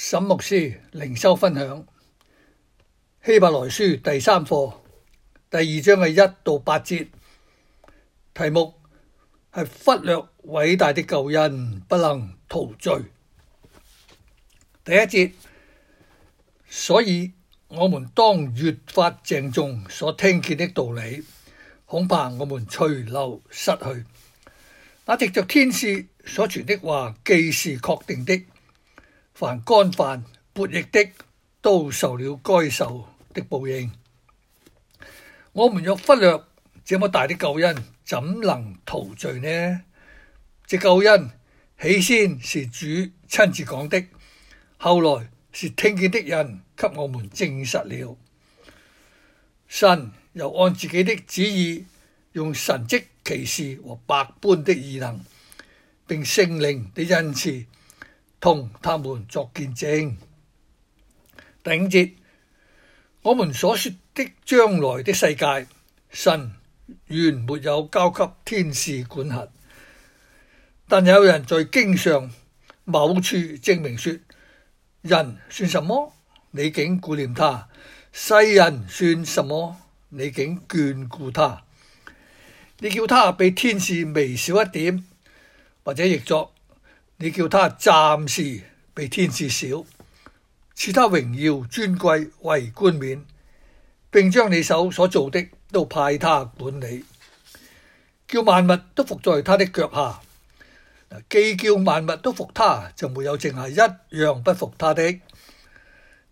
沈牧師靈修分享希伯來書第三課第二章嘅一到八節，題目係忽略偉大的救恩不能逃罪。第一節，所以我們當越發鄭重所聽見的道理，恐怕我們隨流失去。那藉着天使所傳的話，既是確定的。凡干犯悖逆的，都受了該受的報應。我們若忽略這麼大的救恩，怎能逃罪呢？這救恩起先是主親自講的，後來是聽見的人給我們證實了。神又按自己的旨意，用神跡奇事和百般的異能，並聖靈的恩賜。同他們作見證。第五節，我們所說的將來的世界，神原沒有交給天使管轄，但有人在經上某處證明說，人算什麼？你竟顧念他；世人算什麼？你竟眷顧他？你叫他比天使微小一點，或者譯作？你叫他暫時比天使小，賜他榮耀尊貴為冠冕，並將你手所造的都派他管理，叫萬物都服在他的腳下。既叫萬物都服他，就沒有剩下一樣不服他的。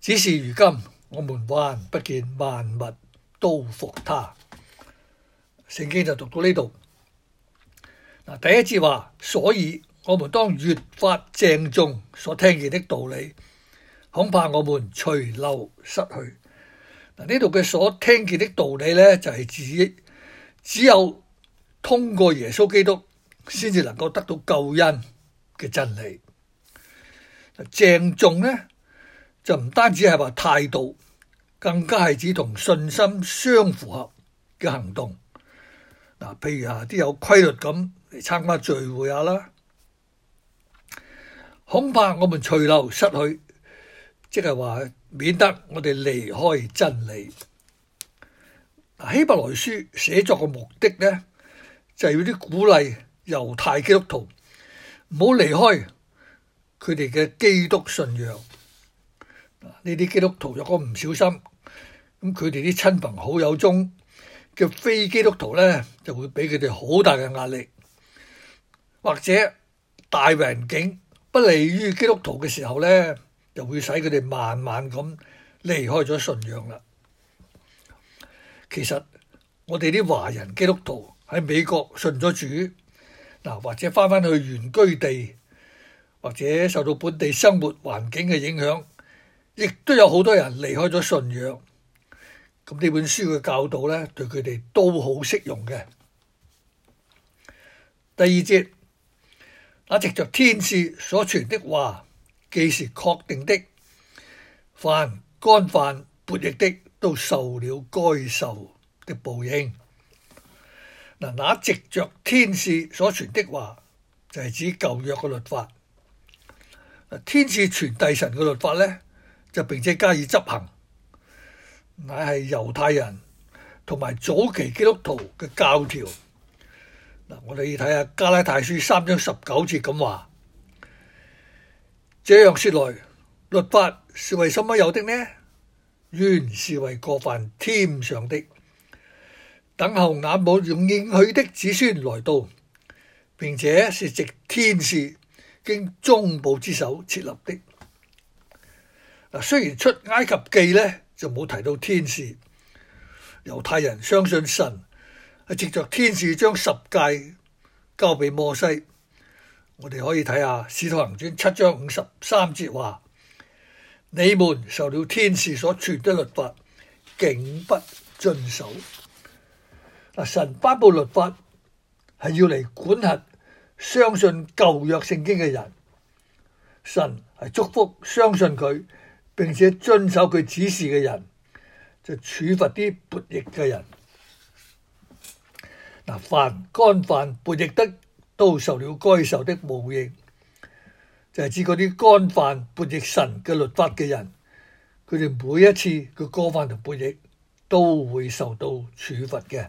只是如今我們還不見萬物都服他。聖經就讀到呢度。嗱，第一節話，所以。我們當越發鄭重所聽見的道理，恐怕我們隨流失去嗱。呢度嘅所聽見的道理咧，就係指只有通過耶穌基督先至能夠得到救恩嘅真理。鄭重咧就唔單止係話態度，更加係指同信心相符合嘅行動嗱。譬如話，啲有規律咁嚟參加聚會下啦。恐怕我們隨流失去，即係話免得我哋離開真理。希伯來書寫作嘅目的咧，就係要啲鼓勵猶太基督徒，唔好離開佢哋嘅基督信仰。呢啲基督徒若果唔小心，咁佢哋啲親朋好友中嘅非基督徒咧，就會俾佢哋好大嘅壓力，或者大環境。不利於基督徒嘅時候呢，就會使佢哋慢慢咁離開咗信仰啦。其實我哋啲華人基督徒喺美國信咗主，嗱或者翻返去原居地，或者受到本地生活環境嘅影響，亦都有好多人離開咗信仰。咁呢本書嘅教導呢，對佢哋都好適用嘅。第二節。那藉着天使所傳的話，既是確定的，凡干犯悖逆的，都受了該受的報應。嗱，那藉着天使所傳的話，就係、是、指舊約嘅律法。天使傳遞神嘅律法呢，就並且加以執行，乃係猶太人同埋早期基督徒嘅教條。嗱，我哋要睇下《加拉太書》三章十九節咁話，這樣說來，律法是為什麼有的呢？原是為過犯添上的，等候那蒙應許的子孫來到，並且是藉天使經中保之手設立的。雖然出埃及記呢，就冇提到天使，猶太人相信神。藉着天使將十誡交俾摩西，我哋可以睇下《使徒行傳》七章五十三節話：你們受了天使所傳的律法，竟不遵守。嗱，神頒布律法係要嚟管轄相信舊約聖經嘅人，神係祝福相信佢並且遵守佢指示嘅人，就處罰啲悖逆嘅人。凡干犯叛逆的，都受了該受的報應，就係指嗰啲干犯叛逆神嘅律法嘅人，佢哋每一次嘅過犯同叛逆，都會受到處罰嘅。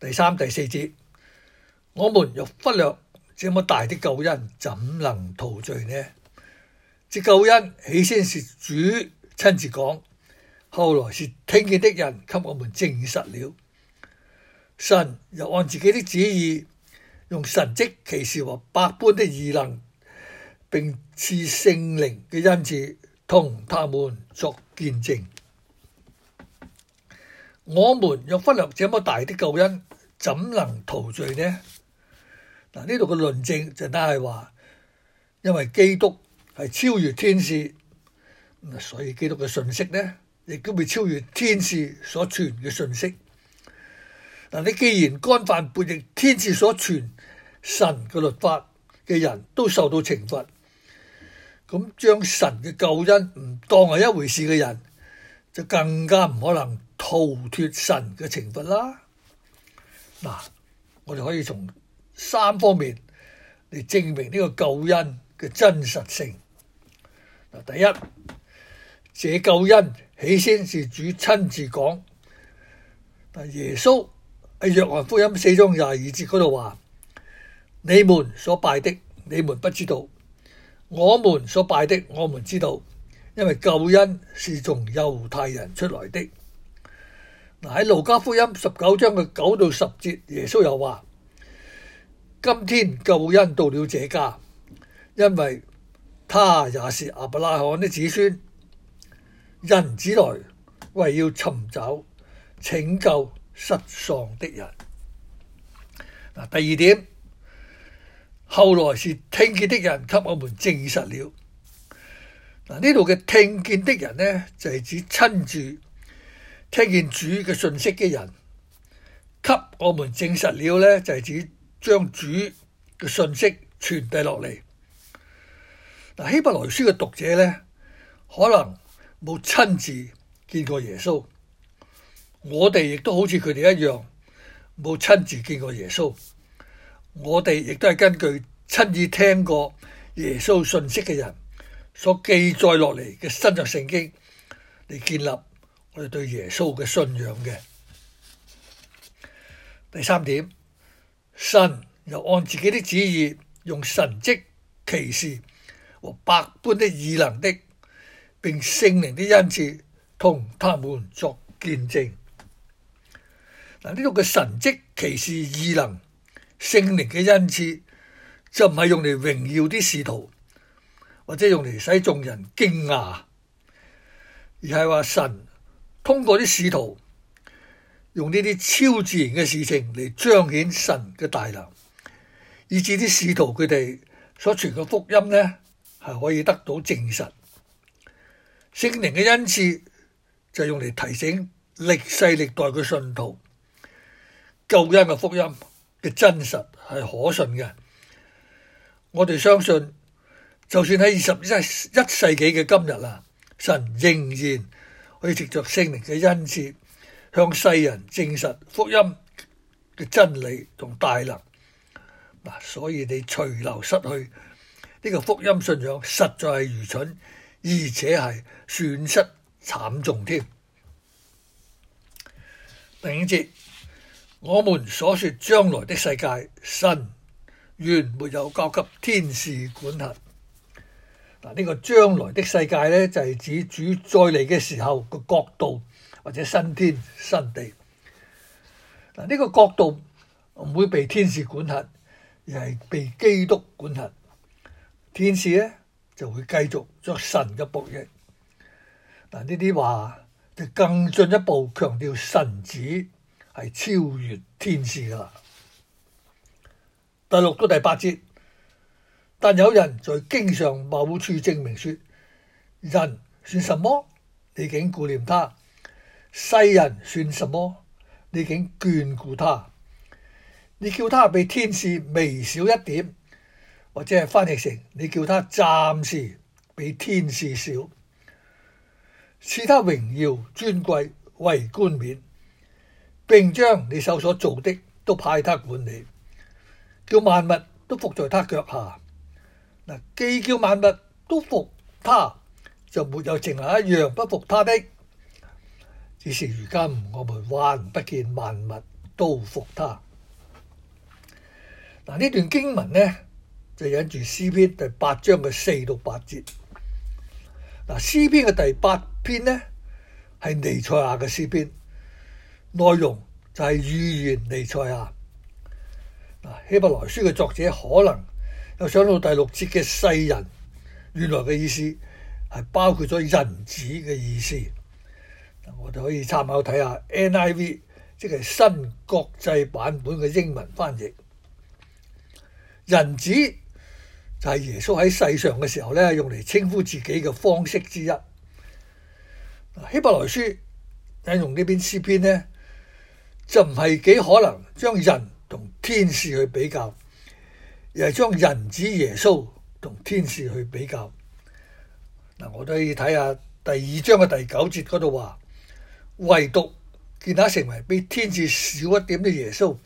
第三、第四節，我們若忽略這麼大啲救恩，怎能逃罪呢？這救恩起先是主親自講。後來是聽見的人給我們證實了，神又按自己的旨意用神蹟奇事和百般的異能，並賜聖靈嘅恩賜同他們作見證。我們若忽略這麼大的救恩，怎能逃罪呢？嗱，呢度嘅論證就等係話，因為基督係超越天使，所以基督嘅信息呢？亦都未超越天使所傳嘅信息。嗱，你既然干犯背逆天使所傳神嘅律法嘅人都受到懲罰，咁將神嘅救恩唔當係一回事嘅人，就更加唔可能逃脫神嘅懲罰啦。嗱，我哋可以從三方面嚟證明呢個救恩嘅真實性。嗱，第一，這救恩，起先是主親自講，但耶穌喺約翰福音四章廿二節嗰度話：你們所拜的你們不知道，我們所拜的我們知道，因為救恩是從猶太人出來的。喺路加福音十九章嘅九到十節，耶穌又話：今天救恩到了這家，因為他也是阿伯拉罕的子孫。人子來為要尋找拯救失喪的人。嗱，第二點，後來是聽見的人給我們證實了。嗱，呢度嘅聽見的人呢，就係指親住聽見主嘅信息嘅人，給我們證實了呢，就係指將主嘅信息傳遞落嚟。嗱，希伯來書嘅讀者呢，可能冇親自見過耶穌，我哋亦都好似佢哋一樣冇親自見過耶穌，我哋亦都係根據親耳聽過耶穌信息嘅人所記載落嚟嘅新約聖經嚟建立我哋對耶穌嘅信仰嘅。第三點，神又按自己的旨意用神蹟奇事和百般的異能的。並聖靈的恩賜同他們作見證。嗱，呢度嘅神蹟、奇事、異能、聖靈嘅恩賜，就唔係用嚟榮耀啲使徒，或者用嚟使眾人驚訝，而係話神通過啲使徒，用呢啲超自然嘅事情嚟彰顯神嘅大能，以至啲使徒佢哋所傳嘅福音呢，係可以得到證實。聖靈嘅恩賜就係用嚟提醒歷世歷代嘅信徒，救恩嘅福音嘅真實係可信嘅。我哋相信，就算喺二十一世紀嘅今日啦，神仍然可以藉着聖靈嘅恩賜，向世人證實福音嘅真理同大能。嗱，所以你隨流失去呢個福音信仰，實在係愚蠢。而且係損失慘重添。第五節，我們所說將來的世界，神原沒有交給天使管轄。嗱，呢個將來的世界呢，就係指主再嚟嘅時候個國度或者新天新地。嗱，呢個國度唔會被天使管轄，而係被基督管轄。天使呢。就會繼續作神嘅僕役。嗱，呢啲話就更進一步強調神子係超越天使噶啦。第六到第八節，但有人在經上某處證明說，人算什麼？你竟顧念他；世人算什麼？你竟眷顧他？你叫他比天使微小一點？或者係翻譯成你叫他暫時比天使少，賜他榮耀尊貴為冠冕，並將你手所做的都派他管理，叫萬物都服在他腳下。嗱，既叫萬物都服他，就沒有剩下一樣不服他的。只是如今我們還不見萬物都服他。嗱，呢段經文呢，就引住詩篇第八章嘅四到八節。嗱，詩篇嘅第八篇呢，係彌賽亞嘅詩篇，內容就係預言彌賽亞。嗱，希伯來書嘅作者可能又想到第六節嘅世人，原來嘅意思係包括咗人子嘅意思。我哋可以參考睇下 NIV，即係新國際版本嘅英文翻譯，人子。就係、是、耶穌喺世上嘅時候咧，用嚟稱呼自己嘅方式之一。希伯來書引用呢篇詩篇咧，就唔係幾可能將人同天使去比較，而係將人子耶穌同天使去比較。嗱，我都可以睇下第二章嘅第九節嗰度話，唯獨見他成為比天使少一點嘅耶穌，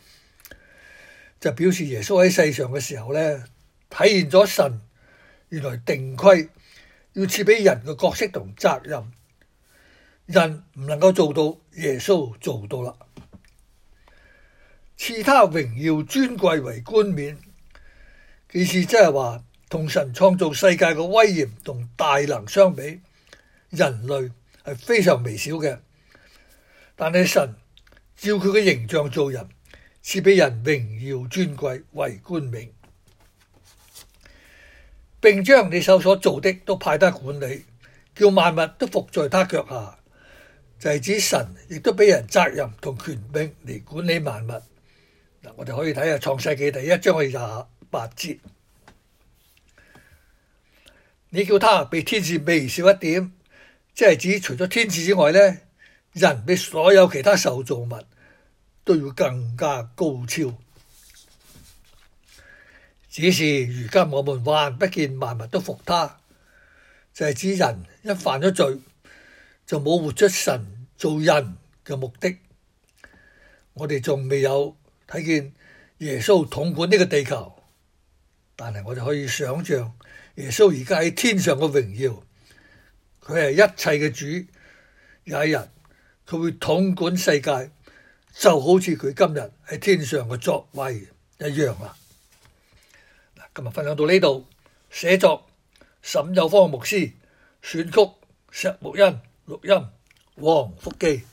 就表示耶穌喺世上嘅時候咧。體現咗神原來定規要賜俾人嘅角色同責任，人唔能夠做到耶穌做到啦，賜他榮耀尊貴為冠冕。其實即係話同神創造世界嘅威嚴同大能相比，人類係非常微小嘅，但係神照佢嘅形象做人，賜俾人榮耀尊貴為冠冕。並將你手所做的都派得管理，叫萬物都服在他腳下，就係、是、指神亦都俾人責任同權柄嚟管理萬物。嗱，我哋可以睇下創世紀第一章廿八節，你叫他比天使微小一點，即係指除咗天使之外呢，人比所有其他受造物都要更加高超。只是如今我們還不見萬物都服他，就係指人一犯咗罪就冇活出神做人嘅目的。我哋仲未有睇見耶穌統管呢個地球，但係我哋可以想象耶穌而家喺天上嘅榮耀，佢係一切嘅主。有一日佢會統管世界，就好似佢今日喺天上嘅作為一樣啊！今日分享到呢度，寫作沈有芳牧師，選曲，石木欣，錄音，黃福基。